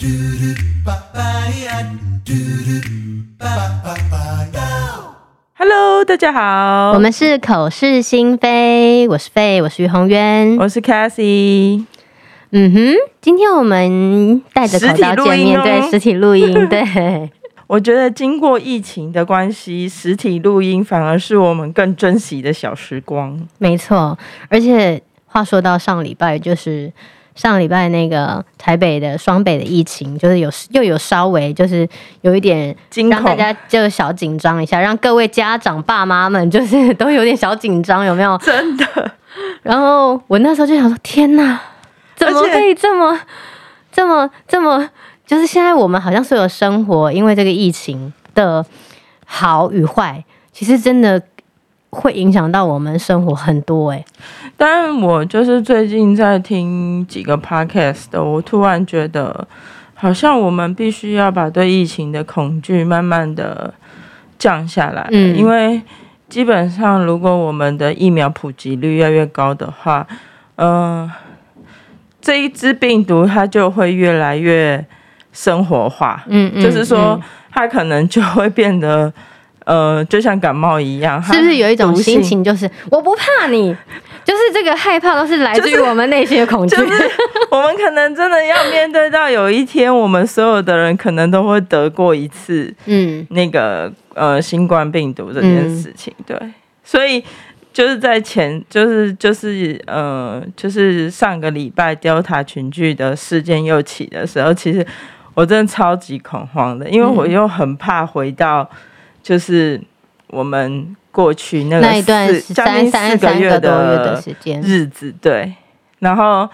嘟嘟嘟，叭叭呀！嘟嘟嘟，叭叭叭呀！Hello，大家好，我們是口是心非，我是 Fay，我是於紅淵，我是 Cassie。嗯哼，今天我們戴着口罩見面，面、哦、對實體錄音。對 我覺得，經過疫情的關係，實體錄音反而是我們更珍惜的小時光。沒錯，而且話說到上禮拜，就是。上禮拜那個台北的雙北的疫情，就是有又有稍微就是有一點，讓大家就小緊張一下，讓各位家長爸媽們就是都有點小緊張，有沒有？真的。然後我那時候就想說：天吶，怎麼可以這麼、這麼、這麼？就是現在我們好像所有生活，因為這個疫情的好與壞，其實真的。會影響到我們生活很多哎、欸，但我就是最近在聽幾個 podcast 的，我突然覺得，好像我們必須要把對疫情的恐懼慢慢的降下來、嗯，因為基本上如果我們的疫苗普及率越來越高的話，嗯、呃，這一支病毒它就會越來越生活化，嗯嗯，嗯，就是說它可能就會變得。呃，就像感冒一樣，是不是有一種心情？就是我不怕你，就是這個害怕都是來自於我們內心的恐懼。就是就是、我們可能真的要面對到有一天，我們所有的人可能都會得過一次，嗯，那個 呃新冠病毒這件事情、嗯。對，所以就是在前，就是就是呃，就是上個禮拜 Delta 群聚的事件又起的時候，其實我真的超級恐慌的，因為我又很怕回到、嗯。就是我們過去那個四那一段將近四個月的，三個多月的時間日子，對，然後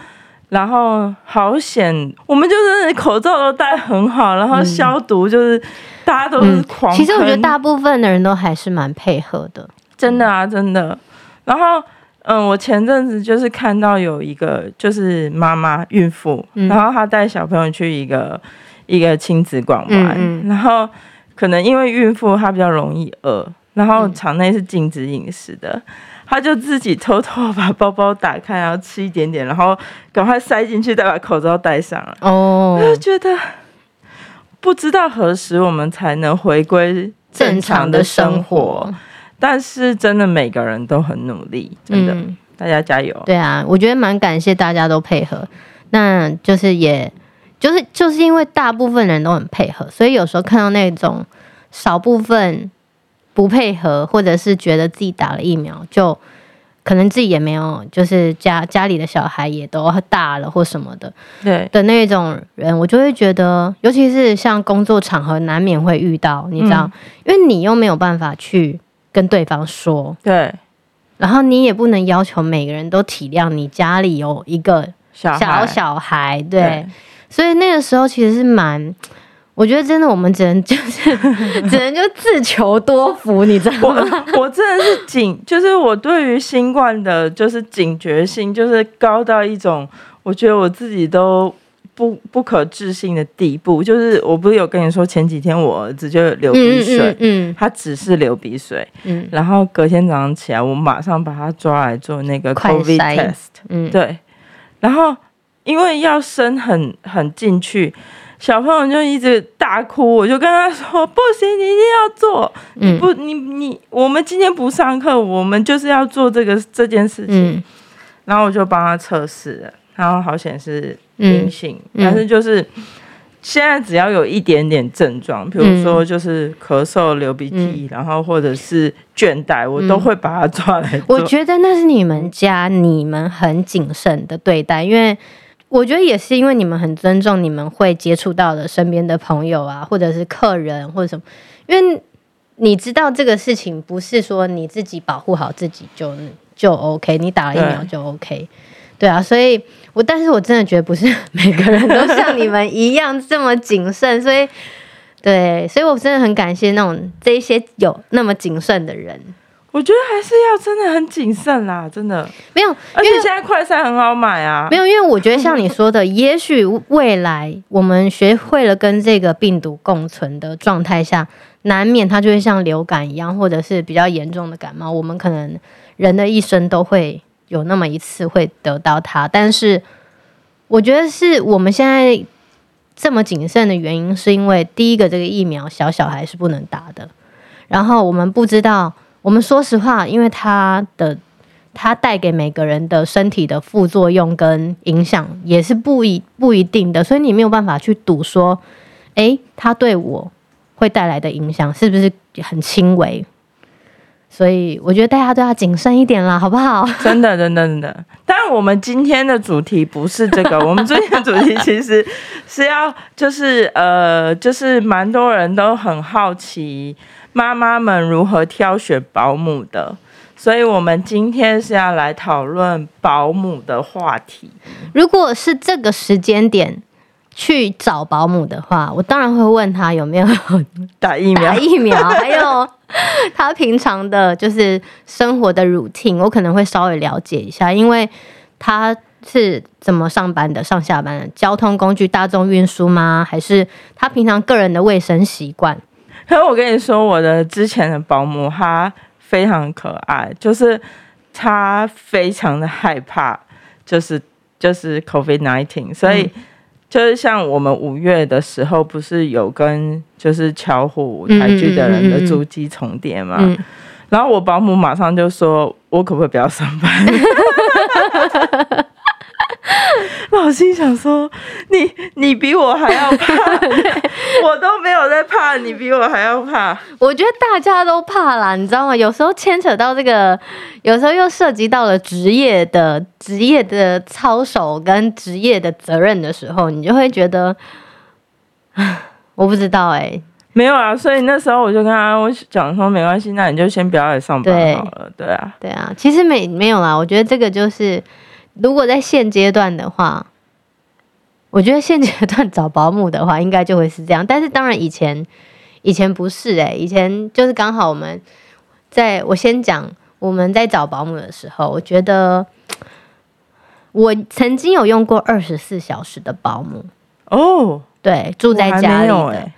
然後好險，我們就是口罩都戴很好，然後消毒就是、嗯、大家都是狂噴、嗯。其實我覺得大部分的人都還是蠻配合的，真的啊，真的。然後嗯，我前陣子就是看到有一個就是媽媽孕婦，嗯、然後她帶小朋友去一個一個親子館玩嗯嗯，然後。可能因為孕婦她比較容易餓，然後場內是禁止飲食的、嗯，她就自己偷偷把包包打開，然後吃一點點，然後趕快塞進去，再把口罩戴上了，哦，覺得不知道何時我們才能回歸正常，正常的生活，但是真的每個人都很努力，真的、嗯、大家加油。對啊，我覺得蠻感謝大家都配合，那就是也。就是就是因為大部分人都很配合，所以有時候看到那種少部分不配合，或者是覺得自己打了疫苗就可能自己也沒有，就是家家裡的小孩也都大了或什麼的，對的那種人，我就會覺得，尤其是像工作場合難免會遇到，你知道、嗯，因為你又沒有辦法去跟對方說，對，然後你也不能要求每個人都體諒你家裡有一個小小孩，對。對所以那個時候其實是蠻，我覺得真的我們只能就是只能就自求多福， 你知道嗎？我，我真的是警，就是我對於新冠的，就是警覺性，就是高到一種我覺得我自己都不不可置信的地步。就是我不是有跟你說前幾天我兒子就流鼻水，嗯，嗯嗯他只是流鼻水，嗯，然後隔天早上起來，我馬上把他抓來做那個 COVID test，嗯，對，然後。因為要伸很很進去，小朋友就一直大哭，我就跟他說：“不行，你一定要做，嗯、你不你你，我們今天不上課，我們就是要做這個這件事情。嗯”然後我就幫他測試了，然後好險是陰性，嗯，但是就是、嗯、現在只要有一點點症狀，比如說就是咳嗽、流鼻涕、嗯，然後或者是倦怠，我都會把他抓來，嗯。我覺得那是你們家，你們很謹慎的對待，因為。我覺得也是因為你們很尊重，你們會接觸到的身邊的朋友啊，或者是客人或者什麼，因為你知道這個事情不是說你自己保護好自己就就 OK，你打了疫苗就 OK，嗯，對啊，所以我但是我真的覺得不是每個人都像你們一樣這麼謹慎， 所以對，所以我真的很感謝那種這一些有那麼謹慎的人。我覺得還是要真的很謹慎啦，真的沒有因為，而且現在快篩很好買啊。沒有，因為我覺得像你說的， 也許未來我們學會了跟這個病毒共存的狀態下，難免它就會像流感一樣，或者是比較嚴重的感冒，我們可能人的一生都會有那麼一次會得到它。但是，我覺得是我們現在這麼謹慎的原因，是因為第一個，這個疫苗小小孩是不能打的，然後我們不知道。我們說實話，因為它的它帶給每個人的身體的副作用跟影響也是不一不一定的，所以你沒有辦法去賭說，哎，它對我會帶來的影響是不是很輕微？所以我覺得大家都要謹慎一點啦，好不好？真的，真的，真的。但我們今天的主題不是這個， 我們今天的主題其實是要，就是呃，就是蠻多人都很好奇，媽媽們如何挑選保姆的？所以，我們今天是要來討論保姆的話題。如果是這個時間點去找保姆的話，我當然會問他有沒有打疫苗，打疫苗，還有他平常的就是生活的 routine，我可能會稍微了解一下，因為他是怎麼上班的，上下班的交通工具，大眾運輸嗎？還是他平常個人的衛生習慣？可是我跟你說，我的之前的保姆她非常可愛，就是她非常的害怕，就是就是 COVID nineteen，所以、嗯、就是像我們五月的時候，不是有跟就是巧虎舞台劇的人的足迹重疊嘛、嗯嗯嗯嗯，然後我保姆馬上就說：“我可不可以不要上班？” 我 心想說：“你你比我還要怕， 對 我都沒有在怕，你比我還要怕。”我覺得大家都怕啦，你知道嗎？有時候牽扯到這個，有時候又涉及到了職業的職業的操守跟職業的責任的時候，你就會覺得……我不知道哎、欸，沒有啊。所以那時候我就跟他講說：“沒關係，那你就先不要來上班好了。對”對啊，對啊。其實沒沒有啦，我覺得這個就是。如果在現階段的話，我覺得現階段找保姆的話，應該就會是這樣。但是當然，以前以前不是誒、欸，以前就是剛好我們在，我先講我們在找保姆的時候，我覺得我曾經有用過二十四小時的保姆哦，oh, 對，住在家裡的，沒有，欸。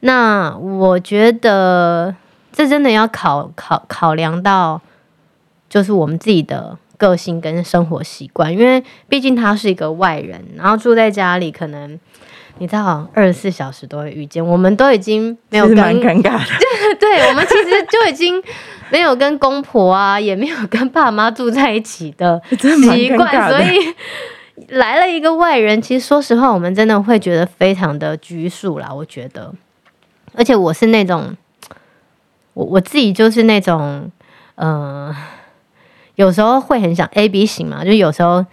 那我覺得這真的要考考考量到，就是我們自己的。個性跟生活習慣，因為畢竟他是一個外人，然後住在家裡，可能你知道好像二十四小時都會遇見。我們都已經沒有跟尷尬的，對 我們其實就已經沒有跟公婆啊， 也沒有跟爸媽住在一起的習慣，真的的，所以來了一個外人，其實說實話，我們真的會覺得非常的拘束啦。我覺得，而且我是那種，我我自己就是那種，嗯、呃。有時候會很想 A B 型嘛，就有時候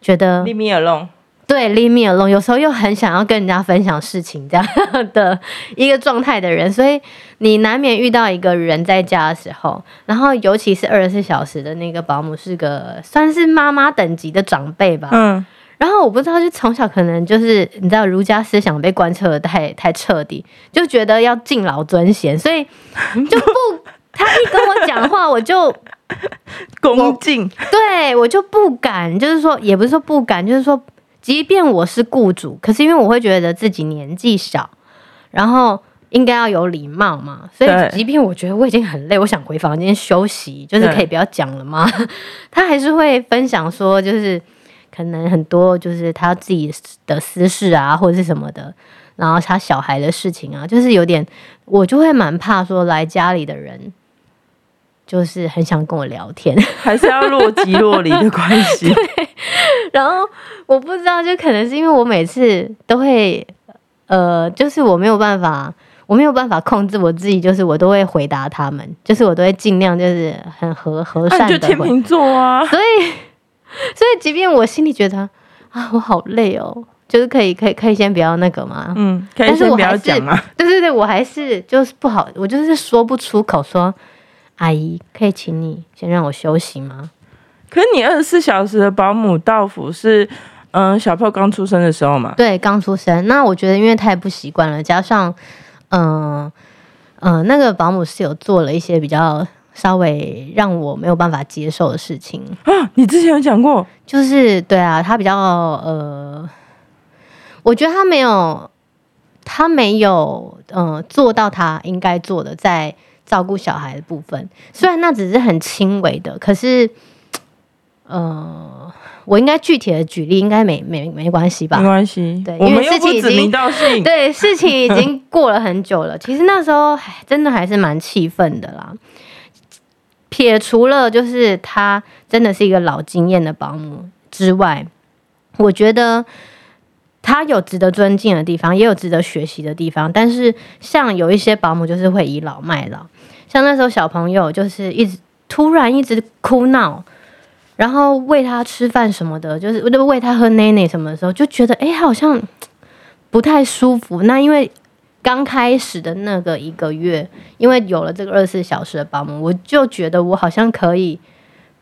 覺得 Leave me alone 對 Leave me alone 有時候又很想要跟人家分享事情，這樣的一個狀態的人，所以你難免遇到一個人在家的時候，然後尤其是二十四小時的那個保姆是個算是媽媽等級的長輩吧，嗯，然後我不知道，就從小可能就是你知道儒家思想被貫徹得太太徹底，就覺得要敬老尊賢，所以就不 他一跟我講話我就。 恭敬，對我就不敢，就是說，也不是說不敢，就是說，即便我是雇主，可是因為我會覺得自己年紀小，然後應該要有禮貌嘛，所以，即便我覺得我已經很累，我想回房間休息，就是可以不要講了嗎？他還是會分享說，就是可能很多就是他自己的私事啊，或者是什麼的，然後他小孩的事情啊，就是有點，我就會蠻怕說來家裡的人。就是很想跟我聊天，還是要若即若離 的關係。對，然後我不知道，就可能是因為我每次都會，呃，就是我沒有辦法，我沒有辦法控制我自己，就是我都會回答他們，就是我都會盡量就是很和和善的。天秤座啊，所以所以即便我心裡覺得啊，我好累哦，就是可以可以可以先不要那個嘛，嗯，可以先不要講嘛。對對對，我還是就是不好，我就是說不出口說。阿姨，可以請你先讓我休息嗎？可是你二十四小時的保姆到府是，嗯、呃，小泡剛出生的時候嘛，對，剛出生。那我覺得，因為太不習慣了，加上，嗯、呃，嗯、呃，那個保姆是有做了一些比較稍微讓我沒有辦法接受的事情啊。你之前有講過，就是對啊，他比較呃，我覺得他沒有，他沒有，嗯、呃，做到他應該做的，在。照顧小孩的部分，雖然那只是很輕微的，可是，呃，我應該具體的舉例，應該沒沒沒關係吧？沒關係，對，因為事情已經，對，事情已經過了很久了。 其實那時候，唉，真的還是蠻氣憤的啦。撇除了就是他真的是一個老經驗的保姆之外，我覺得。他有值得尊敬的地方，也有值得學習的地方。但是像有一些保姆就是會倚老賣老，像那時候小朋友就是一直突然一直哭鬧，然後餵他吃飯什麼的，就是餵他喝奶奶什麼的時候，就覺得哎、欸，好像不太舒服。那因為剛開始的那個一個月，因為有了這個二十四小時的保姆，我就覺得我好像可以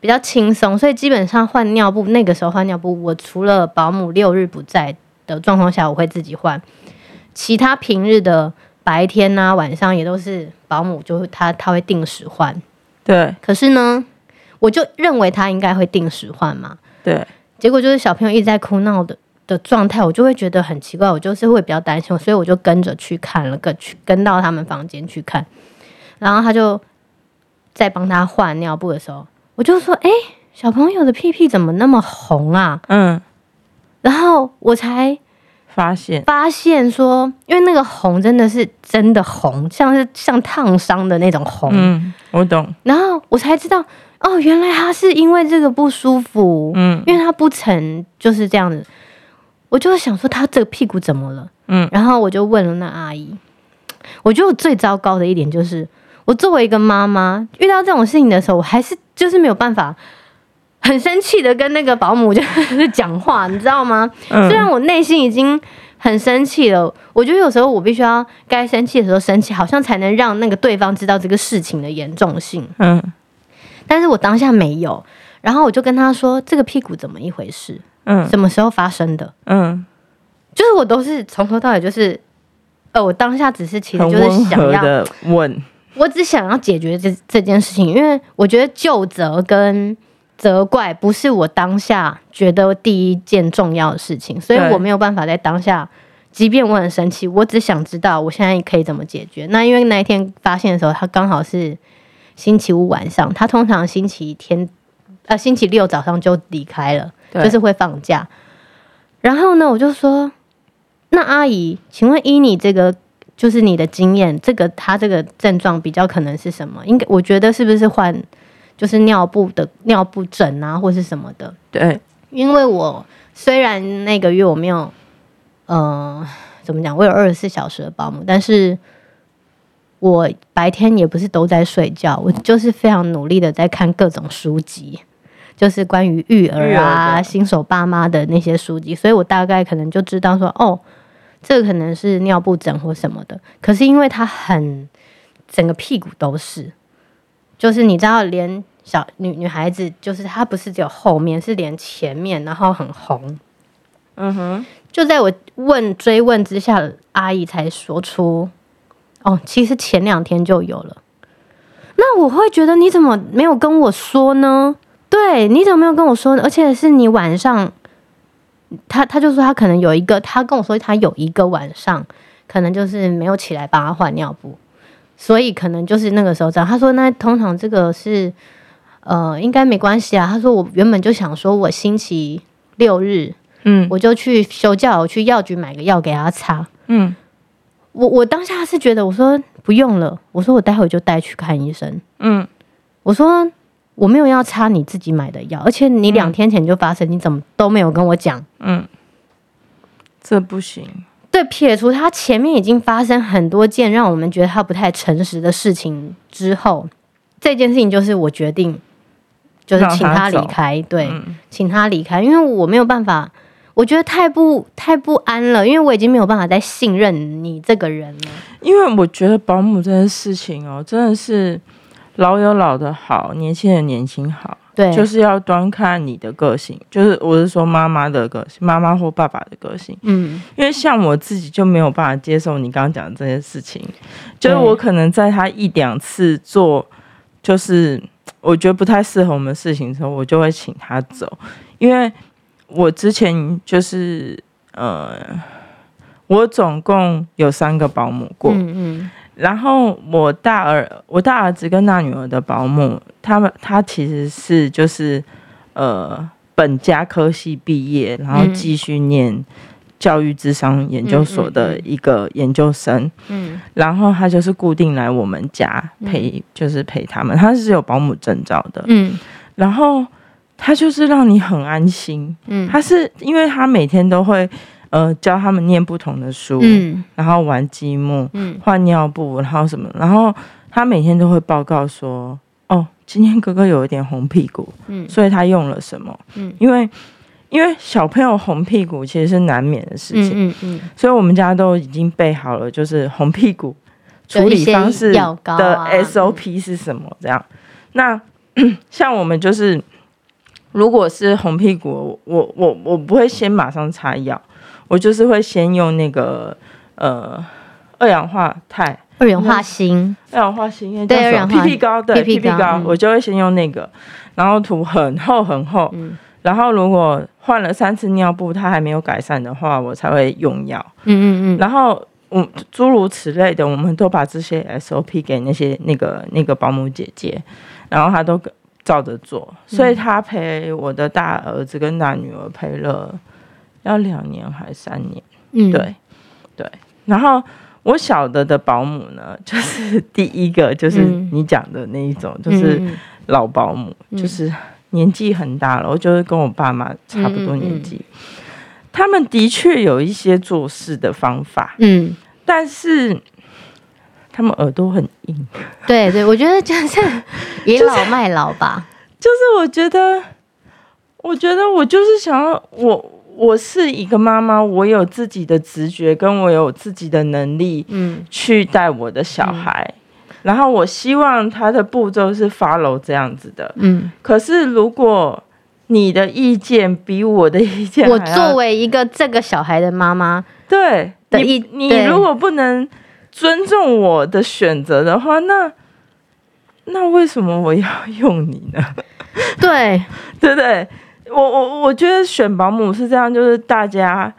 比較輕鬆，所以基本上換尿布那個時候換尿布，我除了保姆六日不在，的狀況下，我會自己換；其他平日的白天呢、啊，晚上也都是保母，就他他會定時換。對。可是呢，我就認為他應該會定時換嘛。對。結果就是小朋友一直在哭鬧的的狀態，我就會覺得很奇怪，我就是會比較擔心，所以我就跟着去看了，跟去跟到他們房間去看，然後他就在幫他換尿布的時候，我就說：“哎、欸，小朋友的屁屁怎麼那麼紅啊？”嗯。然後我才發現，發現說，因為那個紅真的是真的紅，像是像燙傷的那種紅。嗯，我懂。然後我才知道，哦，原來他是因為這個不舒服。嗯，因為他不曾就是這樣子。我就想說，他這個屁股怎麼了？嗯，然後我就問了那阿姨。我覺得我最糟糕的一點就是，我作為一個媽媽，遇到這種事情的時候，我還是就是沒有辦法。很生氣的跟那個保母就是講話，你知道嗎？嗯、雖然我內心已經很生氣了，我覺得有時候我必須要該生氣的時候生氣，好像才能讓那個對方知道這個事情的嚴重性。嗯，但是我當下沒有，然後我就跟他說：“這個屁股怎麼一回事？嗯，什麼時候發生的？嗯，就是我都是從頭到尾就是，呃，我當下只是其實就是想要問，我只想要解決這這件事情，因為我覺得就責跟。責怪不是我當下覺得第一件重要的事情，所以我沒有辦法在當下。即便我很生氣，我只想知道我現在可以怎麼解決。那因為那一天發現的時候，他剛好是星期五晚上，他通常星期天，啊，星期六早上就離開了，就是會放假。然後呢，我就說：“那阿姨，請問依你這個，就是你的經驗，這個他這個症狀比較可能是什麼？應該我覺得是不是換？”就是尿布的尿布疹啊，或是什麼的。對，因為我雖然那個月我沒有，呃，怎麼講？我有二十四小時的保姆，但是我白天也不是都在睡覺，我就是非常努力的在看各種書籍，就是關於育兒啊、育兒啊新手爸媽的那些書籍，所以我大概可能就知道說，哦，這個、可能是尿布疹或什麼的。可是因為他很整個屁股都是。就是你知道，連小女女孩子，就是她不是只有後面，是連前面，然後很紅。嗯哼，就在我問追問之下，阿姨才說出，哦，其實前兩天就有了。那我會覺得，你怎麼沒有跟我說呢？對，你怎麼沒有跟我說呢？而且是你晚上，她她就說她可能有一個，她跟我說她有一個晚上，可能就是沒有起來幫她換尿布。所以可能就是那個時候這樣。他說：“那通常這個是，呃，應該沒關係啊。”他說：“我原本就想說我星期六日，嗯，我就去休假，我去藥局買個藥給他擦。”嗯，我我當下是覺得我說：“不用了。”我說：“我待會就帶去看醫生。”嗯，我說：“我沒有要擦你自己買的藥，而且你兩天前就發生，嗯，你怎麼都沒有跟我講？”嗯，這不行。對，撇除他前面已經發生很多件讓我們覺得他不太誠實的事情之後，這件事情就是我決定，就是請他離開。對、嗯，請他離開，因為我沒有辦法，我覺得太不、太不安了，因為我已經沒有辦法再信任你這個人了。因為我覺得保姆這件事情哦，真的是老有老的好，年輕人年輕好。就是要端看你的個性，就是我是說媽媽的個性，媽媽或爸爸的個性，嗯，因為像我自己就沒有辦法接受你剛剛講的這些事情，就是我可能在他一兩次做，嗯、就是我覺得不太適合我們的事情的時候，我就會請他走，因為我之前就是呃，我總共有三個保姆過，嗯，嗯。然後我大兒，我大兒子跟大女兒的保姆，他們他其實是就是，呃，本家科系畢業，然後繼續唸教育諮商研究所的一個研究生。嗯，然後他就是固定來我們家陪，嗯、就是陪他們。他是有保姆證照的。嗯，然後他就是讓你很安心。嗯，他是因為他每天都會。呃，教他們念不同的書，嗯、然後玩積木，嗯、換尿布，然後什麼，然後他每天都會報告說，哦，今天哥哥有一點紅屁股，嗯、所以他用了什麼？嗯、因為因為小朋友紅屁股其實是難免的事情，嗯嗯嗯、所以我們家都已經備好了，就是紅屁股處理方式的 SOP 是什麼？啊、這樣，那像我們就是，如果是紅屁股，我我我我不會先馬上擦藥。我就是會先用那個呃二氧化鈦、二氧化鋅、嗯、二氧化鋅，對二氧化 PP 膏對 PP 膏，膏。我就會先用那個，嗯、然後塗很厚很厚，嗯，然後如果換了三次尿布，它還沒有改善的話，我才會用藥，嗯嗯嗯，然後我諸如此類的，我們都把這些 SOP 給那些那個那個保姆姐姐，然後她都照着做，所以她陪我的大兒子跟大女兒陪了。嗯要兩年還三年？嗯，對，對。然後我曉得的，的保姆呢，就是第一個就是你講的那一種，嗯、就是老保姆、嗯，就是年紀很大了，我就是跟我爸媽差不多年紀。嗯嗯嗯，他們的確有一些做事的方法，嗯，但是他們耳朵很硬。嗯、 對對，我覺得就是倚老賣老吧、就是。就是我覺得，我覺得我就是想要我。我是一個媽媽，我有自己的直覺，跟我有自己的能力，嗯，去帶我的小孩。嗯，然後我希望她的步驟是 follow 這樣子的，嗯。可是如果你的意見比我的意見還，我作為一個這個小孩的媽媽的，對，你對你如果不能尊重我的選擇的話，那那為什麼我要用你呢？對， 對不對？我我我覺得選保姆是這樣，就是大家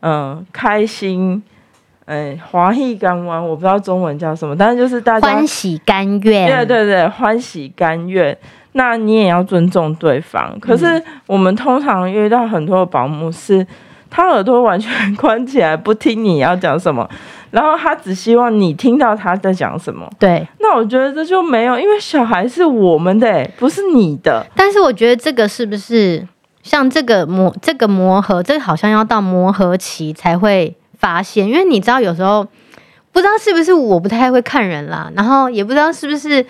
嗯、呃、開心，嗯，歡喜甘願，我不知道中文叫什麼，但是就是大家歡喜甘願，對對對，歡喜甘願。那你也要尊重對方。可是我們通常遇到很多的保姆是，他耳朵完全關起來，不聽你要講什麼，然後他只希望你聽到他在講什麼。對，那我覺得這就沒有，因為小孩是我們的、欸，不是你的。但是我覺得這個是不是？像這個磨，這個磨合，這個好像要到磨合期才會發現，因為你知道，有時候不知道是不是我不太會看人啦，然後也不知道是不是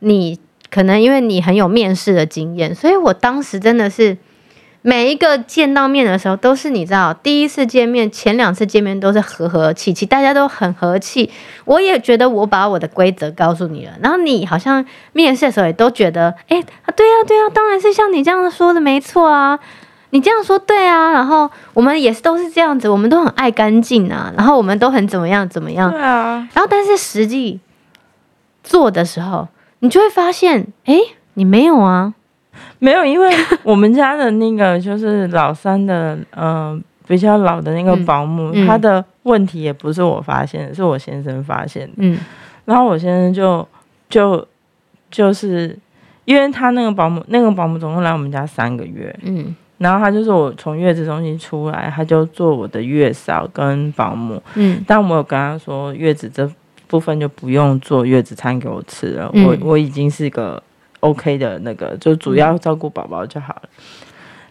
你可能因為你很有面試的經驗，所以我當時真的是。每一個見到面的時候，都是你知道，第一次見面，前兩次見面都是和和氣氣，大家都很和氣。我也覺得我把我的規則告訴你了，然後你好像面試的時候也都覺得，誒啊，對啊，對啊，當然是像你這樣說的沒錯啊，你這樣說對啊。然後我們也是都是這樣子，我們都很愛乾淨啊，然後我們都很怎麼樣怎麼樣。對啊。然後但是實際做的時候，你就會發現，誒，你沒有啊。 沒有，因為我們家的那個就是老三的，呃，比較老的那個保姆，嗯嗯、他的問題也不是我發現的，是我先生發現的。嗯，然後我先生就就就是，因為他那個保姆，那個保姆總共來我們家三個月，嗯，然後他就是我從月子中心出來，他就做我的月嫂跟保姆，嗯，但我有跟他說，月子這部分就不用做月子餐給我吃了，嗯、我我已經是一個。OK 的那個就主要照顧寶寶就好了。嗯。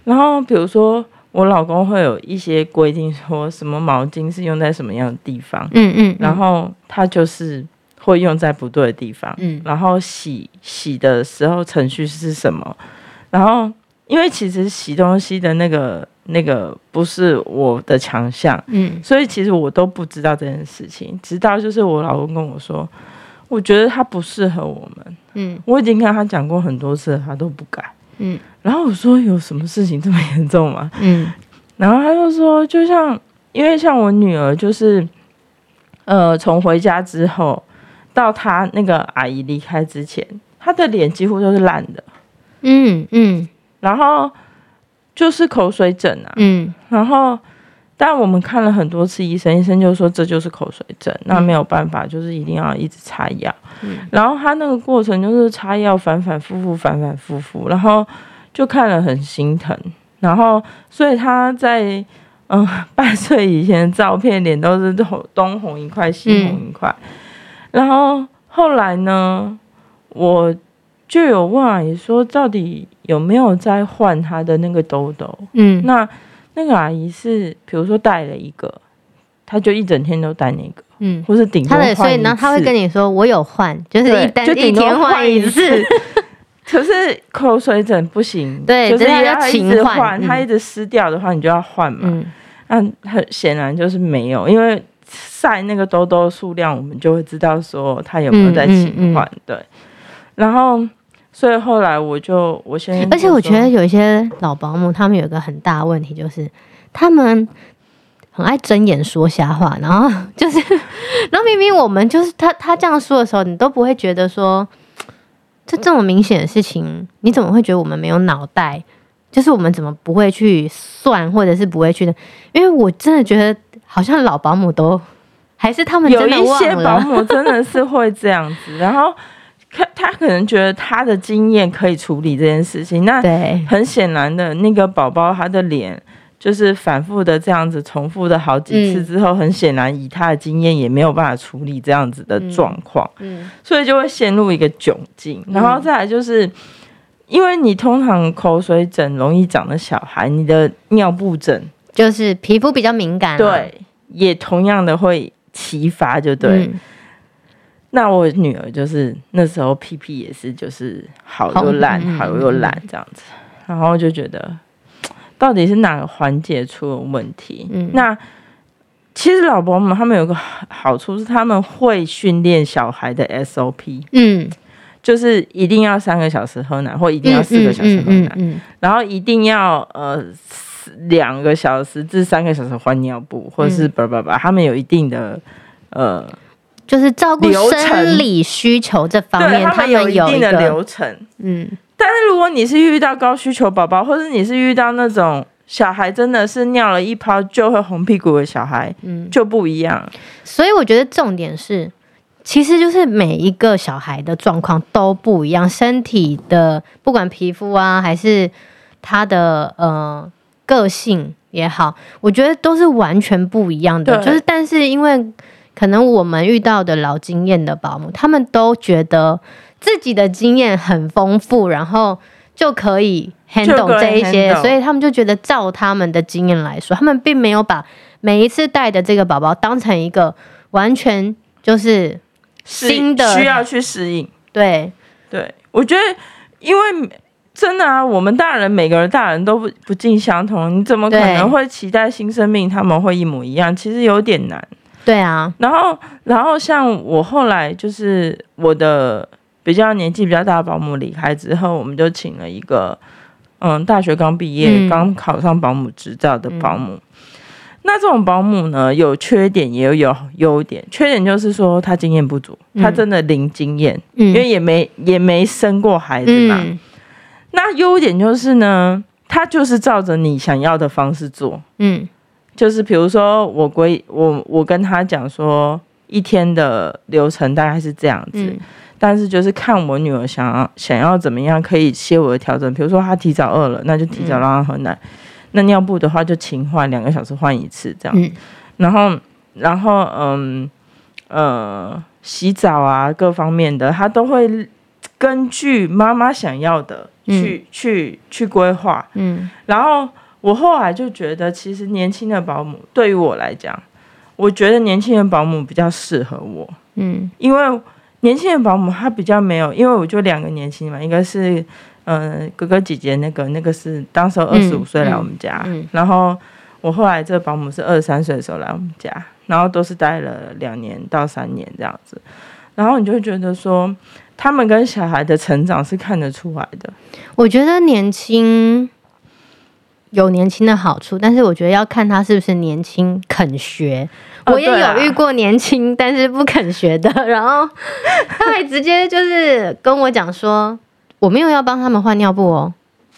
然後比如說我老公會有一些規定，說什麼毛巾是用在什麼樣的地方，嗯嗯，嗯，然後他就是會用在不對的地方，嗯，然後洗洗的時候程序是什麼？然後因為其實洗東西的那個那個不是我的強項，嗯，所以其實我都不知道這件事情，直到就是我老公跟我說。我覺得他不適合我們。嗯，我已經跟他講過很多次，他都不敢。嗯，然後我說有什麼事情這麼嚴重嗎？嗯，然後他就說，就像因為像我女兒，就是呃，從回家之後到她那個阿姨離開之前，她的臉幾乎都是爛的。嗯嗯，然後就是口水疹啊。嗯，然後。但我們看了很多次醫生，醫生就說，這就是口水疹，嗯。那沒有辦法，就是一定要一直擦藥，嗯。然後他那個過程就是擦藥反反复复，反反复复，然後就看了很心疼。然後，所以他在嗯、呃、半歲以前的照片臉都是紅，東紅一塊西紅一塊，嗯，然後後來呢，我就有問阿姨說，到底有沒有在換他的那個兜兜？嗯，那。那個阿姨是，比如說帶了一個，她就一整天都帶那個，嗯，或者頂天。他的，所以呢，她會跟你說我有換，就是一單就頂天換一次，一一次 可是口水疹不行，對，就是要勤換、嗯，他一直濕掉的話，你就要換嘛，嗯，那很顯然就是沒有，因為曬那個兜兜數量，我們就會知道說他有沒有在勤換、嗯嗯嗯，對，然後。所以後來我就，我先，而且我覺得有一些老保姆，他們有個很大的問題，就是他們很愛睜眼說瞎話，然後就是，然後明明我們就是他他這樣說的時候，你都不會覺得說，這這麼明顯的事情，你怎麼會覺得我們沒有腦袋？就是我們怎麼不會去算，或者是不會去的？因為我真的覺得，好像老保姆都，還是他們真的有一些保姆真的是會這樣子， 然後。他他可能覺得他的經驗可以處理這件事情，那很顯然的那個寶寶他的臉就是反覆的這樣子重複的好幾次之後，嗯，很顯然以他的經驗也沒有辦法處理這樣子的狀況，嗯，嗯，所以就會陷入一個窘境。然後再來就是，因為你通常口水疹容易長的小孩，你的尿布疹就是皮膚比較敏感，啊，對，也同樣的會啟發，就對。嗯那我女兒就是那時候屁屁也是，就是好又爛，好又爛這樣子，嗯。然後就覺得，到底是哪個環節出了問題？嗯、那其實老婆們，他們有個好處是，他們會訓練小孩的 SOP，嗯，就是一定要三個小時喝奶，或一定要四個小時喝奶，嗯嗯嗯嗯嗯，然後一定要呃兩個小時至三個小時換尿布，或是叭叭叭，他們有一定的呃。就是照顧生理需求這方面，他們有一定的流程。嗯，但是如果你是遇到高需求寶寶，或者你是遇到那種小孩真的是尿了一泡就會紅屁股的小孩，嗯，就不一樣。所以我覺得重點是，其實就是每一個小孩的狀況都不一樣，身體的不管皮膚啊，還是他的呃個性也好，我覺得都是完全不一樣的。就是，但是因為。可能我們遇到的老經驗的保姆，他們都覺得自己的經驗很豐富，然後就可以 handle 這一些，所以他們就覺得照他們的經驗來說，他們並沒有把每一次帶的這個寶寶當成一個完全就是新的需要去適應。對，對，我覺得，因為真的啊，我們大人每個人大人都不，不盡相同，你怎麼可能會期待新生命他們會一模一樣？其實有點難。對啊，然後，然後像我後來就是我的比較年紀比較大的保姆離開之後，我們就請了一個，嗯，大學剛畢業、嗯、剛考上保姆執照的保姆、嗯。那這種保姆呢，有缺點也有優點。缺點就是說，她經驗不足，她真的零經驗，嗯、因為也沒也沒生過孩子嘛。嗯、那優點就是呢，她就是照着你想要的方式做，嗯。就是比如說我歸，我規我我跟他講說，一天的流程大概是這樣子，嗯、但是就是看我女兒想要想要怎麼樣，可以些我的調整。比如說她提早餓了，那就提早讓她喝奶。那尿布的話，就勤換，兩個小時換一次這樣、嗯、然後，然後，嗯嗯、呃，洗澡啊，各方面的，他都會根據媽媽想要的去、嗯、去去規劃。嗯，然後。我後來就覺得，其實年輕的保姆對於我來講，我覺得年輕的保姆比較適合我，嗯，因為年輕的保姆他比較沒有，因為我就兩個年輕的嘛，一個是嗯、呃、哥哥姐姐那個那個是當時二十五歲來我們家、嗯嗯嗯，然後我後來這個保姆是二十三歲的時候來我們家，然後都是待了兩年到三年這樣子，然後你就覺得說他們跟小孩的成長是看得出來的，我覺得年輕。有年輕的好處，但是我覺得要看他是不是年輕肯學、哦。我也有遇過年輕、啊、但是不肯學的，然後他還直接就是跟我講說：“ 我沒有要幫他們換尿布哦，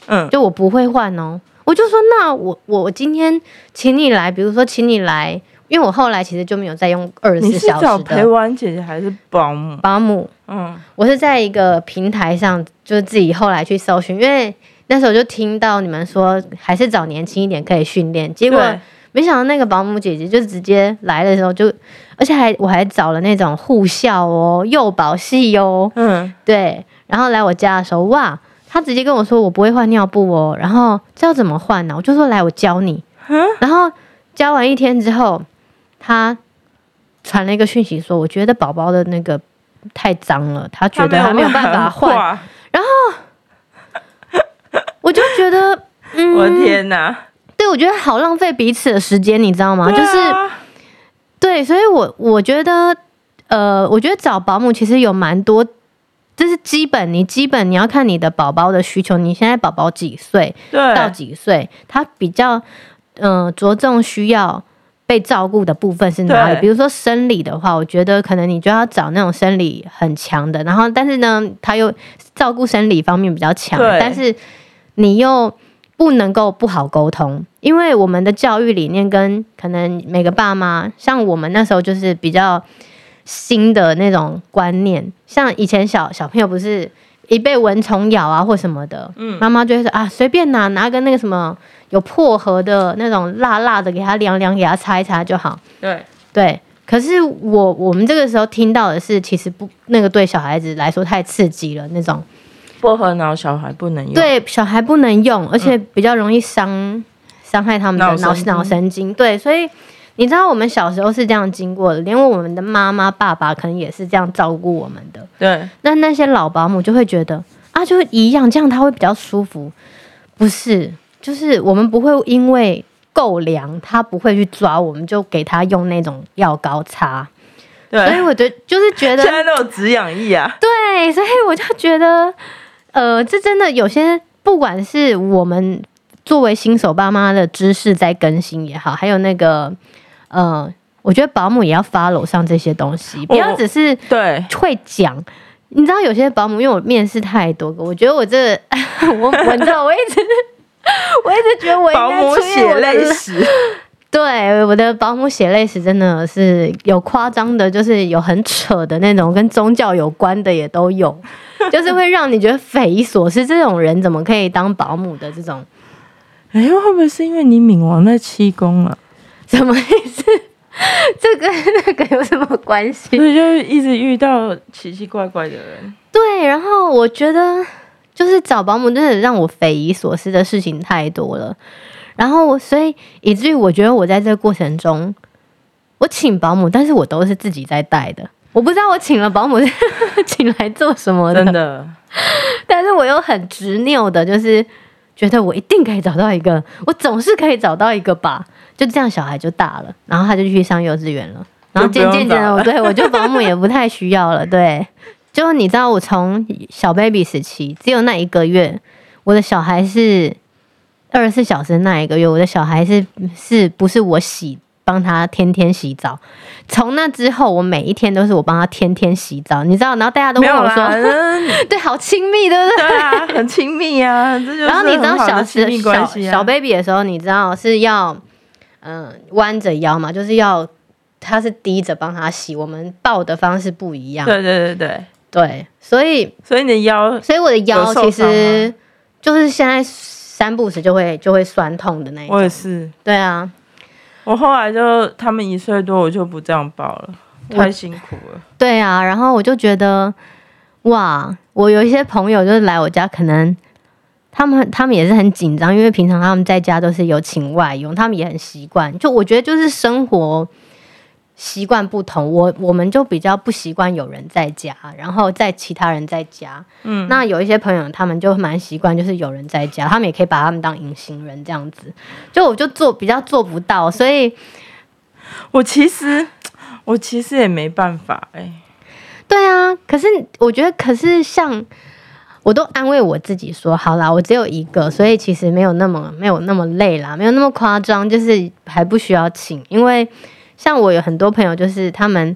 嗯，就我不會換哦。”我就說：“那我我今天請你來，比如說請你來，因為我後來其實就沒有再用二十四小時。你是找陪玩姐姐還是保姆？保姆，嗯，我是在一個平台上，就是自己後來去搜尋，因為。那時候我就聽到你們說還是找年輕一點可以訓練，結果沒想到那個保姆姐姐就直接來的時候就，而且還我還找了那種護校哦，幼保系哦，嗯，對，然後來我家的時候哇，她直接跟我說我不會換尿布哦，然後這要怎麼換呢？我就說來我教你，然後教完一天之後，她傳了一個訊息說我覺得寶寶的那個太髒了，她覺得還沒有辦法換，然後。我覺得，嗯、我的天哪！對，我覺得好浪費彼此的時間，你知道嗎？啊、就是，對，所以我我覺得，呃，我覺得找保姆其實有蠻多，就是基本，你基本你要看你的寶寶的需求，你現在寶寶幾歲？到幾歲？他比較，嗯、呃，着重需要被照顧的部分是哪裡？比如說生理的話，我覺得可能你就要找那種生理很強的，然後但是呢，他又照顧生理方面比較強，但是。你又不能夠不好溝通，因為我們的教育理念跟可能每個爸媽，像我們那時候就是比較新的那種觀念。像以前小小朋友不是一被蚊蟲咬啊或什麼的，嗯，媽媽就會說啊隨便拿拿個那個什麼有薄荷的那種辣辣的，給他涼涼，給他擦一擦就好。對對。可是我我們這個時候聽到的是，其實不那個對小孩子來說太刺激了那種。薄荷腦小孩不能用，對小孩不能用，而且比較容易傷、嗯、傷害他們的腦腦神經。對，所以你知道我們小時候是這樣經過的，連我們的媽媽爸爸可能也是這樣照顧我們的。對，那那些老保姆就會覺得啊，就一樣這樣他會比較舒服。不是，就是我們不會因為夠涼，他不會去抓，我們就給他用那種藥膏擦。對，所以我就就是覺得現在都有止癢液啊。對，所以我就覺得。呃，這真的有些，不管是我們作為新手爸媽的知識在更新也好，還有那個，呃，我覺得保姆也要 follow 上這些東西，不、哦、要只是對會講。對，你知道，有些保姆，因為我面試太多個，我覺得我這，我我知道，我一直， 我一直覺得我保姆血淚史。我 對我的保姆血淚史真的是有誇張的，就是有很扯的那種，跟宗教有關的也都有，就是會讓你覺得匪夷所思。這種人怎麼可以當保姆的？這種哎呦，會不會是因為你冥王在七宮了啊？什麼意思？這跟那個有什麼關係？所以就一直遇到奇奇怪怪的人。對，然後我覺得就是找保姆，真的讓我匪夷所思的事情太多了。然後我，所以以至於我覺得，我在這個過程中，我請保姆，但是我都是自己在帶的。我不知道我請了保姆是， 請來做什麼的。真的，但是我又很執拗的，就是覺得我一定可以找到一個，我總是可以找到一個吧。就這樣，小孩就大了，然後他就去上幼稚園了。然後漸漸的，對我就保姆也不太需要了。對，就你知道，我從小 baby 時期，只有那一個月，我的小孩是。二十四小時那一個月，我的小孩是是不是我洗幫他天天洗澡。從那之後，我每一天都是我幫他天天洗澡，你知道？然後大家都跟我說 ：“對，好親密，對不對？”對啊，很親密啊，很親密啊。然後你知道小小小 baby 的時候，你知道是要嗯彎着腰嘛，就是要他是低着幫他洗，我們抱的方式不一樣。對對對對對，所以所以你的腰，所以我的腰其實就是現在。三不時就會就會酸痛的那一種，我也是，對啊，我後來就他們一歲多，我就不這樣抱了，太辛苦了。對啊，然後我就覺得，哇，我有一些朋友就是來我家，可能他們他們也是很緊張，因為平常他們在家都是有請外傭，他們也很習慣，就我覺得就是生活。習慣不同，我我們就比較不習慣有人在家，然後在其他人在家，嗯，那有一些朋友他們就蠻習慣，就是有人在家，他們也可以把他們當隱形人這樣子。就我就做比較做不到，所以我其實我其實也沒辦法哎、欸。對啊，可是我覺得，可是像我都安慰我自己說，好啦，我只有一個，所以其實沒有那麼沒有那麼累啦，沒有那麼誇張，就是還不需要請，因為。像我有很多朋友，就是他們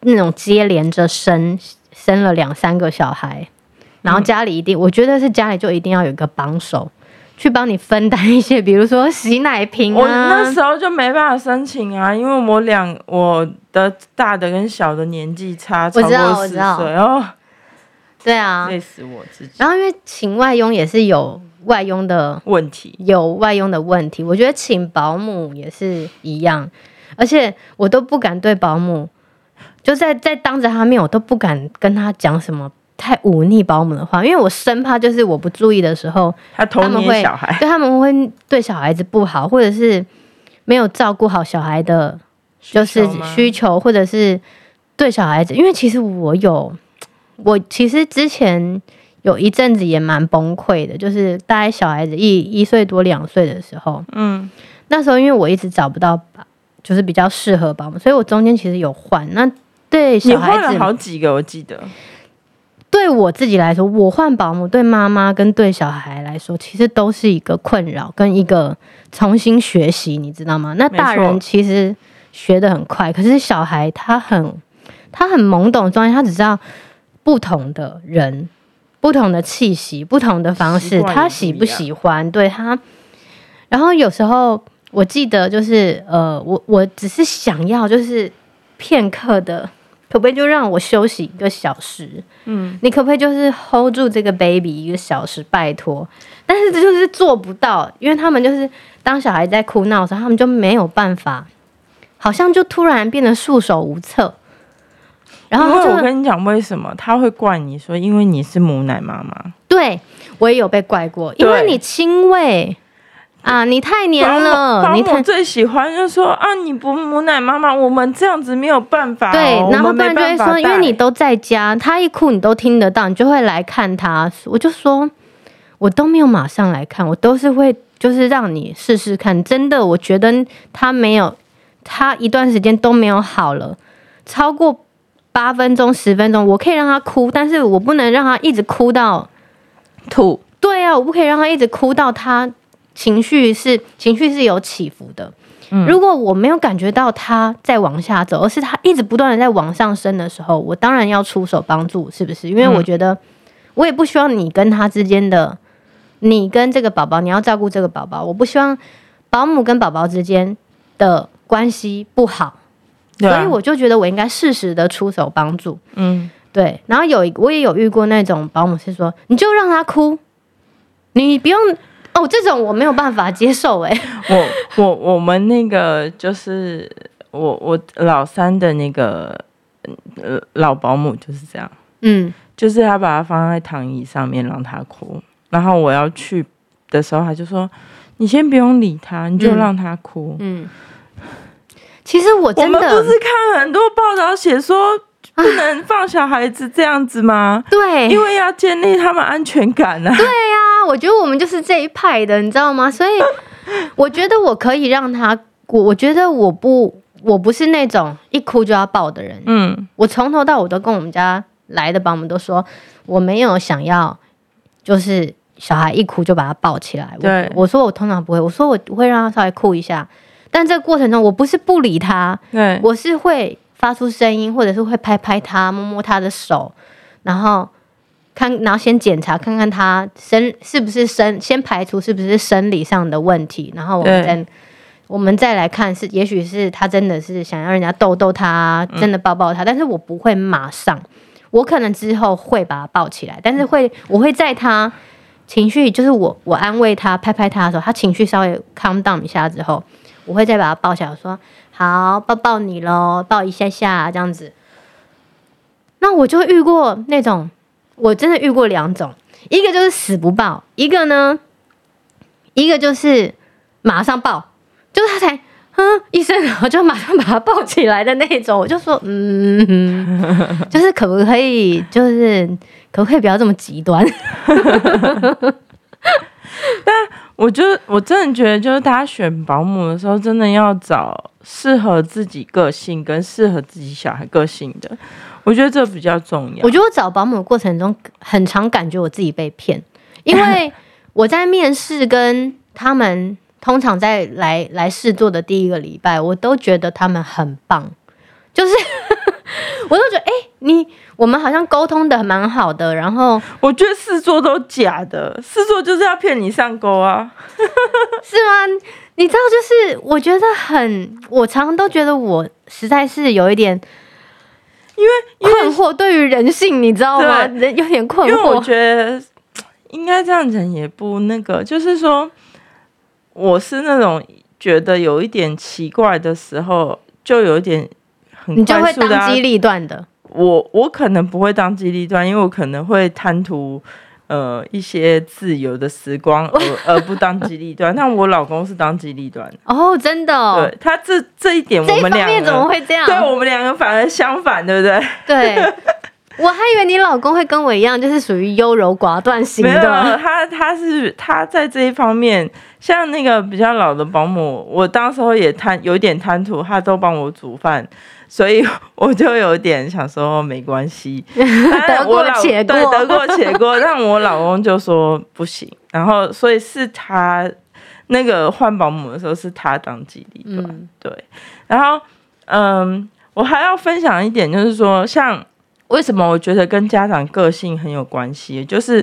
那種接連着生生了兩三個小孩，然後家裡一定、嗯，我覺得是家裡就一定要有一個幫手，去幫你分擔一些，比如說洗奶瓶啊。我那時候就沒辦法申請啊，因為我兩我的大的跟小的年紀差我知道我知道，我知道、哦。對啊，累死我自己。然後因為請外傭也是有外傭的問題，有外傭的問題，我覺得請保姆也是一樣。而且我都不敢對保姆，就在在當着他面，我都不敢跟他講什麼太忤逆保姆的話，因為我生怕就是我不注意的時候，他童年小孩，對，他們會對小孩子不好，或者是沒有照顧好小孩的，就是需求，需求，或者是對小孩子，因為其實我有，我其實之前有一陣子也蠻崩潰的，就是大概小孩子一一歲多兩歲的時候，嗯，那時候因為我一直找不到就是比較適合保姆，所以我中間其實有換。那對小孩子，你換了好幾個，我記得。對我自己來說，我換保姆對媽媽跟對小孩來說，其實都是一個困擾跟一個重新學習，你知道嗎？那大人其實學得很快，可是小孩他很他很懵懂的狀態，他只知道不同的人、不同的氣息、不同的方式，他喜不喜歡對他。然後有時候。我記得就是呃，我我只是想要就是片刻的，可不可以就讓我休息一個小時？嗯，你可不可以就是 hold 住這個 baby 一個小時？拜託。但是這就是做不到，因為他們就是當小孩在哭鬧的時候，他們就沒有辦法，好像就突然變得束手無策。然後我跟你講為什麼他會怪你說，因為你是母奶媽媽。對，我也有被怪過，因為你親餵。啊，你太黏了！你我，我最喜歡就是說啊，你不母奶媽媽，我們這樣子沒有辦法，哦。對，我然後不然就會說，因為你都在家，他一哭你都聽得到，你就會來看他。我就說，我都沒有馬上來看，我都是會就是讓你試試看。真的，我覺得他沒有，他一段時間都沒有好了，超過八分鐘、十分鐘，我可以讓他哭，但是我不能讓他一直哭到吐。對啊，我不可以讓他一直哭到他。情緒是情緒是有起伏的，如果我沒有感覺到他在往下走，嗯，而是他一直不斷的在往上升的時候，我當然要出手幫助，是不是？因為我覺得我也不希望你跟他之間的，你跟這個寶寶，你要照顧這個寶寶，我不希望保姆跟寶寶之間的關係不好，嗯，所以我就覺得我應該適時的出手幫助。嗯，對。然後有一我也有遇過那種保姆是說，你就讓他哭，你不用。哦，這種我沒有辦法接受哎。 我我我們那個就是我我老三的那個、呃、老保姆就是這樣，嗯，就是他把他放在躺椅上面讓他哭，然後我要去的時候他就說：“你先不用理他，你就讓他哭。”嗯，嗯，其實我真的，我們不是看很多報道寫說不能放小孩子這樣子嗎？啊。對，因為要建立他們安全感啊。對呀。啊。我覺得我們就是這一派的，你知道嗎？所以我覺得我可以讓他，我我覺得我不我不是那種一哭就要抱的人。嗯，我從頭到尾都跟我們家來的保姆都說，我沒有想要就是小孩一哭就把他抱起來。對，我我說我通常不會，我說我會讓他稍微哭一下，但這個過程中我不是不理他，我是會發出聲音，或者是會拍拍他、摸摸他的手，然後。看，然後先檢查看看他生是不是生，先排除是不是生理上的問題，然後我們再我們再來看是，也許是他真的是想要人家逗逗他，真的抱抱他，嗯，但是我不會馬上，我可能之後會把他抱起來，但是會我會在他情緒就是我我安慰他拍拍他的時候，他情緒稍微 calm down 一下之後，我會再把他抱起來說好抱抱你咯，抱一下下這樣子，那我就遇過那種。我真的遇過兩種，一個就是死不抱，一個呢，一個就是馬上抱，就是他才哼一聲，我就馬上把他抱起來的那種。我就說，嗯，就是可不可以，就是可不可以不要這麼極端。 但我就我真的覺得，就是大家選保姆的時候，真的要找適合自己個性跟適合自己小孩個性的。我覺得這比較重要。我覺得我找保姆的過程中，很常感覺我自己被騙，因為我在面試跟他們，通常在來來試做的第一個禮拜，我都覺得他們很棒，就是 我都覺得哎，你我們好像溝通的蠻好的，然後我覺得試做都假的，試做就是要騙你上鈎啊， 是嗎？你知道，就是我覺得很，我常常都覺得我實在是有一點。因為，因為困惑對於人性，你知道嗎？對，有點困惑。因為我覺得應該這樣，講，也不那個，就是說，我是那種覺得有一點奇怪的時候，就有一點很快速，你就會當機立斷的。啊，我我可能不會當機立斷，因為我可能會貪圖。呃，一些自由的時光而，而 而不當機立斷。那我老公是當機立斷哦，oh, 真的。對他這這一點，我們倆，這一方面怎麼會這樣？對，我們兩個反而相反，對不對？對， 我還以為你老公會跟我一樣，就是屬於優柔寡斷型的。沒有，他他是他在這一方面，像那個比較老的保姆，我當時候也貪有點貪圖，他都幫我煮飯。所以我就有點想說沒關係，我老 得過且過， 得過且過。讓我老公就說不行，然後所以是他那個換保姆的時候是他當機立斷，對。然後嗯，我還要分享一點，就是說像為什麼我覺得跟家長個性很有關係，就是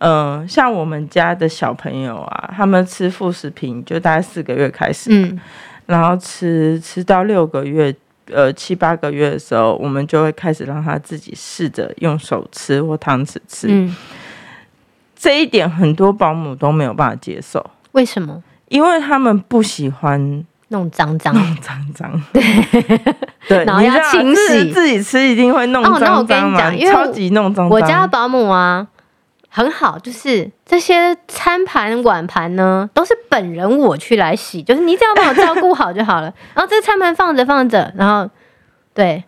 嗯、呃，像我們家的小朋友啊，他們吃副食品就大概四個月開始，嗯、然後吃吃到六個月。呃，七八個月的時候，我們就會開始讓他自己試着用手吃或湯匙吃。嗯，這一點很多保姆都沒有辦法接受。為什麼？因為他們不喜歡弄髒髒弄髒髒。對對，你要清洗自己吃一定會弄髒髒嘛。那我跟你講，超級弄髒髒，我家保姆啊。很好，就是這些餐盤碗盤呢，都是本人我去來洗，就是你只要幫我照顧好就好了。 然後這個餐盤放着放着，然後對，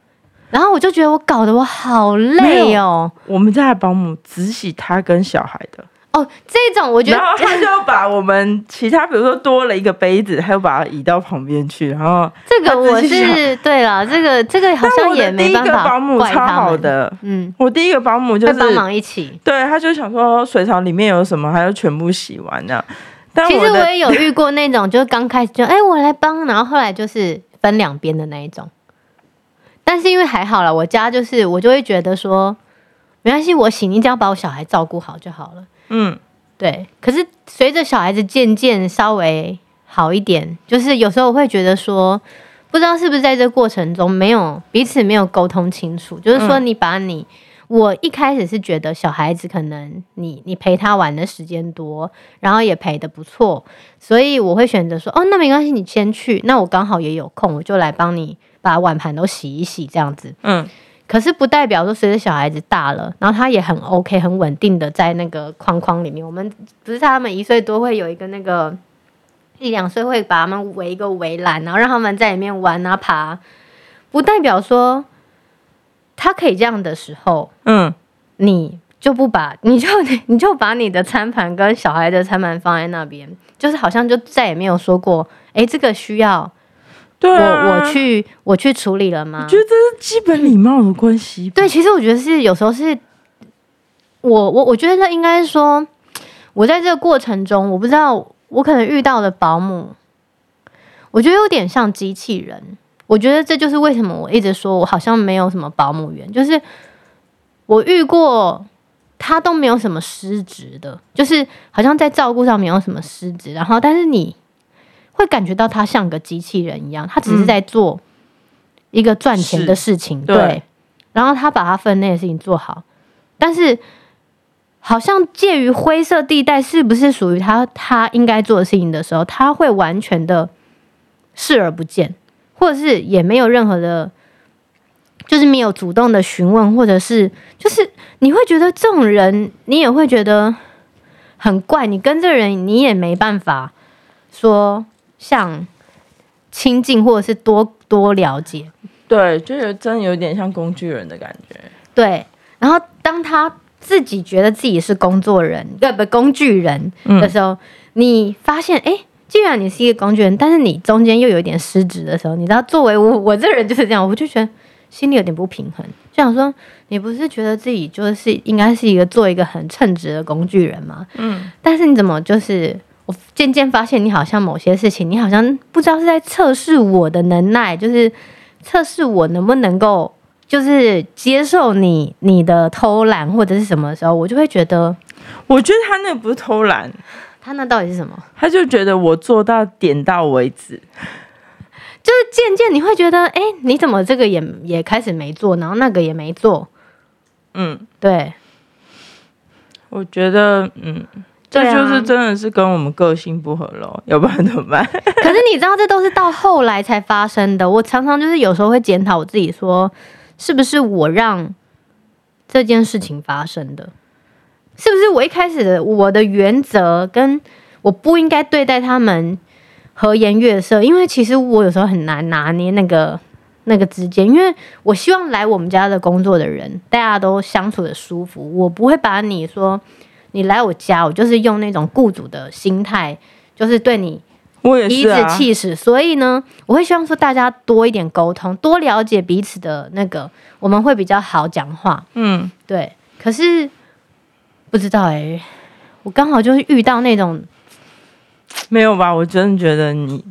然後我就覺得我搞得我好累哦。我們家的保姆只洗他跟小孩的。哦，這種我覺得，然後他就把我們其他，比如說多了一個杯子， 還有他就把它移到旁邊去。然後這個我是對了，這個這個好像也沒辦法。但我的第一個保姆超好的，嗯，我第一個保姆就是幫忙一起。對，他就想說水槽裡面有什麼，還要全部洗完的。但其實我也有遇過那種， 就是剛開始就哎、欸、我來幫，然後後來就是分兩邊的那一種。但是因為還好了，我家就是我就會覺得說沒關係，我洗，你只要把我小孩照顧好就好了。嗯，對。可是隨着小孩子漸漸稍微好一點，就是有時候我會覺得說，不知道是不是在這個過程中沒有彼此沒有溝通清楚，就是說你把你，嗯、我一開始是覺得小孩子可能你你陪他玩的時間多，然後也陪的不錯，所以我會選擇說，哦，那沒關係，你先去，那我剛好也有空，我就來幫你把碗盤都洗一洗，這樣子。嗯。可是不代表說，隨着小孩子大了，然後他也很 OK、很穩定的在那個框框裡面。我們不是他們一歲多會有一個那個一兩歲會把他們圍一個圍欄，然後讓他們在裡面玩啊爬。不代表說他可以這樣的時候，嗯，你就不把你就你就把你的餐盤跟小孩的餐盤放在那邊，就是好像就再也沒有說過，誒，這個需要。對啊，我我去我去處理了嗎？我覺得這是基本禮貌的關係。對，其實我覺得是有時候是，我我我覺得那應該是說，我在這個過程中，我不知道我可能遇到的保姆，我覺得有點像機器人。我覺得這就是為什麼我一直說我好像沒有什麼保姆員，就是我遇過他都沒有什麼失職的，就是好像在照顧上沒有什麼失職。然後，但是你。會感覺到他像個機器人一樣，他只是在做一個賺錢的事情，嗯、對，對。然後他把他分內的事情做好，但是好像介於灰色地帶，是不是屬於他他應該做的事情的時候，他會完全的視而不見，或者是也沒有任何的，就是沒有主動的詢問，或者是就是你會覺得這種人，你也會覺得很怪。你跟這個人，你也沒辦法說。像親近或者是多多了解，對，就是真的有點像工具人的感覺。對，然後當他自己覺得自己是工作人，對不對？工具人的時候，嗯、你發現哎，既然你是一個工具人，但是你中間又有一點失職的時候，你知道，作為我我這人就是這樣，我就覺得心裡有點不平衡，就想說，你不是覺得自己就是應該是一個做一個很稱職的工具人嗎？嗯，但是你怎麼就是？我漸漸發現，你好像某些事情，你好像不知道是在測試我的能耐，就是測試我能不能夠，就是接受你你的偷懶或者是什麼時候，我就會覺得，我覺得他那不是偷懶，他那到底是什麼？他就覺得我做到點到為止，就是漸漸你會覺得，哎，你怎麼這個也也開始沒做，然後那個也沒做？嗯，對，我覺得，嗯。這就是真的是跟我們個性不合咯，要不然怎麼辦？可是你知道，這都是到後來才發生的。我常常就是有時候會檢討我自己，說是不是我讓這件事情發生的？是不是我一開始我的原則跟我不應該對待他們和顏悅色？因為其實我有時候很難拿捏那個那個之間，因為我希望來我們家的工作的人，大家都相處的舒服。我不會把你說。你來我家，我就是用那種雇主的心態，就是對你一直，我也是啊，頤指氣使。所以呢，我會希望說大家多一點溝通，多了解彼此的那個，我們會比較好講話。嗯，對。可是不知道哎、欸，我剛好就是遇到那種，沒有吧？我真的覺得你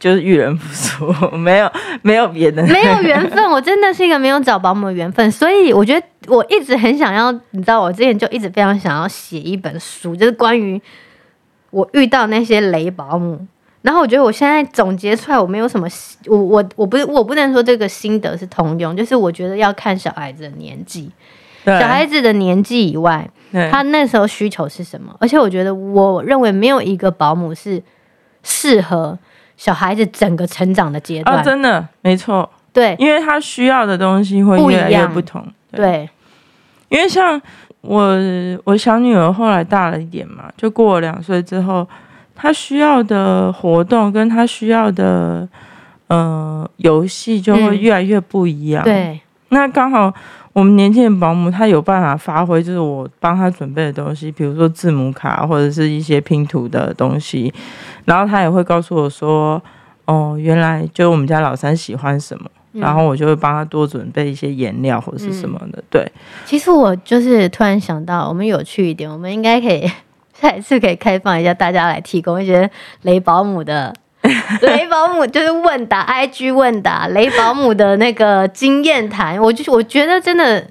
就是遇人不淑，沒有沒有別的， 沒有緣分。我真的是一個沒有找保姆的緣分，所以我覺得。我一直很想要，你知道，我之前就一直非常想要寫一本書，就是關於我遇到那些雷保姆。然後我覺得我現在總結出來，我沒有什麼，我我我不我不能說這個心得是通用，就是我覺得要看小孩子的年紀，小孩子的年紀以外，他那時候需求是什麼？而且我覺得，我認為沒有一個保姆是適合小孩子整個成長的階段，哦，真的，沒錯，對，因為他需要的東西會越來越不同，不一樣，對。因為像我，我小女兒後來大了一點嘛，就過了兩歲之後，她需要的活動跟她需要的，呃，遊戲就會越來越不一樣。嗯，對，那剛好我們年輕人保姆她有辦法發揮，就是我幫她準備的東西，比如說字母卡或者是一些拼圖的東西，然後她也會告訴我說，哦，原來就我們家老三喜歡什麼。然後我就會幫他多準備一些顏料或者是什麼的、嗯。對，其實我就是突然想到，我們有趣一點，我們應該可以下一次可以開放一下，大家來提供一些雷保姆的 雷保姆，就是問答 IG 問答雷保姆的那個經驗談。我就是我覺得真的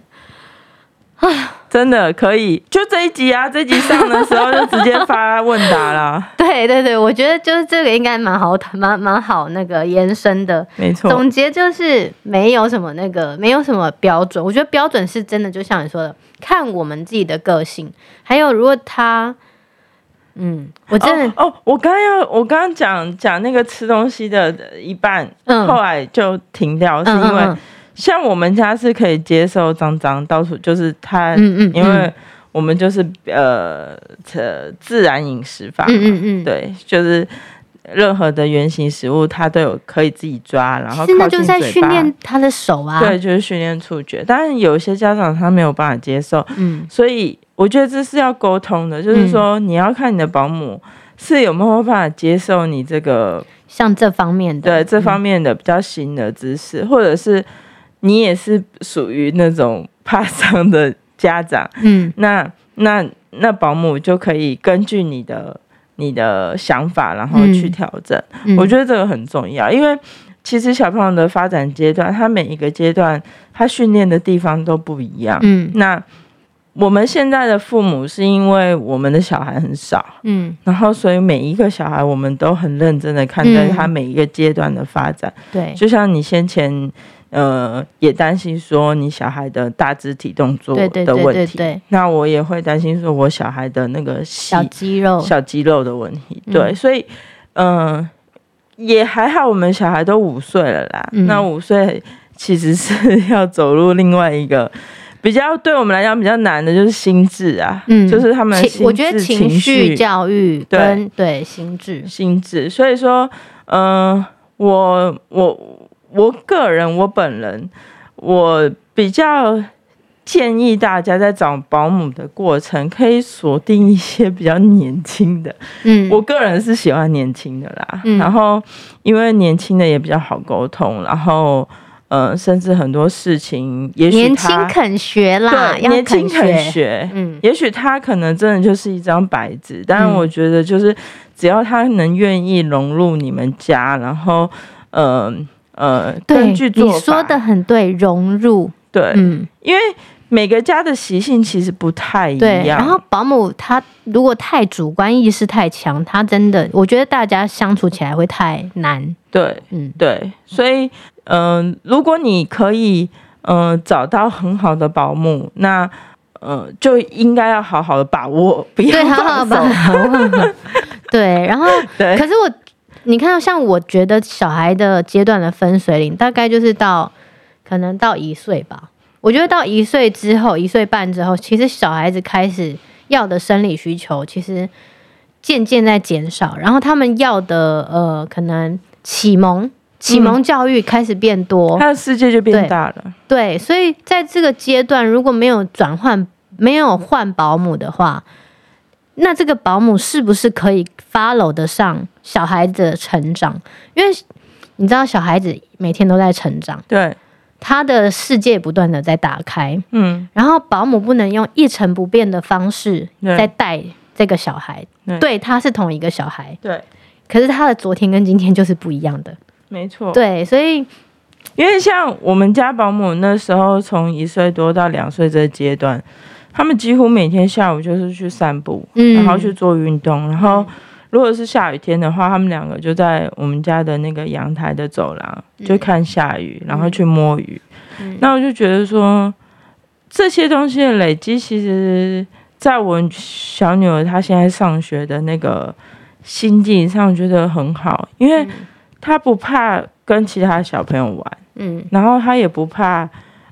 啊。真的可以，就這一集啊！這一集上的時候就直接發問答啦， 對對對，我覺得就是這個應該蠻好，蠻蠻好那個延伸的。沒錯，總結就是沒有什麼那個，沒有什麼標準。我覺得標準是真的，就像你說的，看我們自己的個性。還有，如果他，嗯，我真的哦，哦，我剛要，我剛剛講講那個吃東西的一半，嗯，後來就停掉，嗯嗯嗯，是因為。像我們家是可以接受髒髒到處，就是他，嗯，嗯嗯，因為我們就是呃自然飲食法嘛，嗯嗯，嗯對，就是任何的原型食物他都有可以自己抓，然後靠近嘴巴，現在就在訓練他的手啊，對，就是訓練觸覺。但是有些家長他沒有辦法接受，嗯，所以我覺得這是要溝通的，就是說你要看你的保姆是有沒有辦法接受你這個像這方面的，對這方面的比較新的知識，嗯，或者是。你也是屬於那種怕傷的家長，嗯，那那那保姆就可以根據你的你的想法，然後去調整、嗯。我覺得這個很重要，因為其實小朋友的發展階段，他每一個階段他訓練的地方都不一樣，嗯，那我們現在的父母是因為我們的小孩很少，嗯，然後所以每一個小孩我們都很認真的看待他每一個階段的發展，對、嗯，就像你先前。呃，也擔心說你小孩的大肢體動作的問題，對對對對對對，那我也會擔心說我小孩的那個小肌肉、小肌肉的問題。嗯、對，所以，嗯、呃，也還好，我們小孩都五歲了啦、嗯。那五歲其實是要走入另外一個比較對我們來講比較難的，就是心智啊，嗯，就是他們心智我覺得情緒，情緒教育跟對，跟對心智、心智。所以說，嗯、呃，我我。我個人，我本人，我比較建議大家在找保姆的過程，可以鎖定一些比較年輕的。嗯，我個人是喜歡年輕的啦、嗯。然後，因為年輕的也比較好溝通，然後，嗯、呃，甚至很多事情也許他，也許年輕肯學啦，對，年輕肯學。嗯，也許他可能真的就是一張白紙、嗯，但我覺得就是，只要他能願意融入你們家，然後，嗯、呃。呃，對，你說的很對，融入對，嗯，因為每個家的習性其實不太一樣。對，然後保姆他如果太主觀意識太強，他真的我覺得大家相處起來會太難。對，嗯，對，所以嗯、呃，如果你可以嗯、呃、找到很好的保姆，那呃就應該要好好的把握，不要放手，對好好的把握 對，然後對可是我。你看到像我覺得小孩的階段的分水嶺大概就是到可能到一歲吧。我覺得到一歲之後，一歲半之後，其實小孩子開始要的生理需求其實漸漸在減少，然後他們要的呃，可能啟蒙啟蒙教育開始變多，嗯，他的世界就變大了。對，對，所以在這個階段，如果沒有轉換，沒有換保姆的話，那這個保姆是不是可以 follow 得上？小孩子的成長，因為你知道，小孩子每天都在成長，對，他的世界不斷的在打開，嗯，然後保姆不能用一成不變的方式在帶這個小孩對、對，對，他是同一個小孩，對，可是他的昨天跟今天就是不一樣的，沒錯，對，所以因為像我們家保姆那時候從一歲多到兩歲這個階段，嗯，他們幾乎每天下午就是去散步，然後去做運動，然後。如果是下雨天的話，他們兩個就在我們家的那個陽台的走廊，嗯、就看下雨，嗯、然後去摸雨、嗯。那我就覺得說，這些東西的累積，其實在我小女兒她現在上學的那個心境上，我覺得很好，因為她不怕跟其他小朋友玩，嗯，然後她也不怕，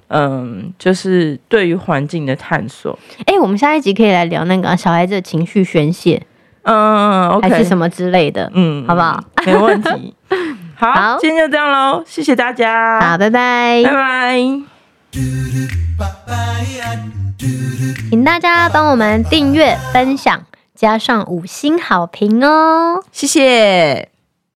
嗯、呃，就是對於環境的探索。哎、欸，我們下一集可以來聊那個小孩子的情緒宣洩。嗯，okay，還是什麼之類的，嗯，好不好？沒問題。 好，好，今天就這樣嘍，謝謝大家，好，拜拜，拜拜。請大家幫我們訂閱、分享、加上五星好評哦，謝謝。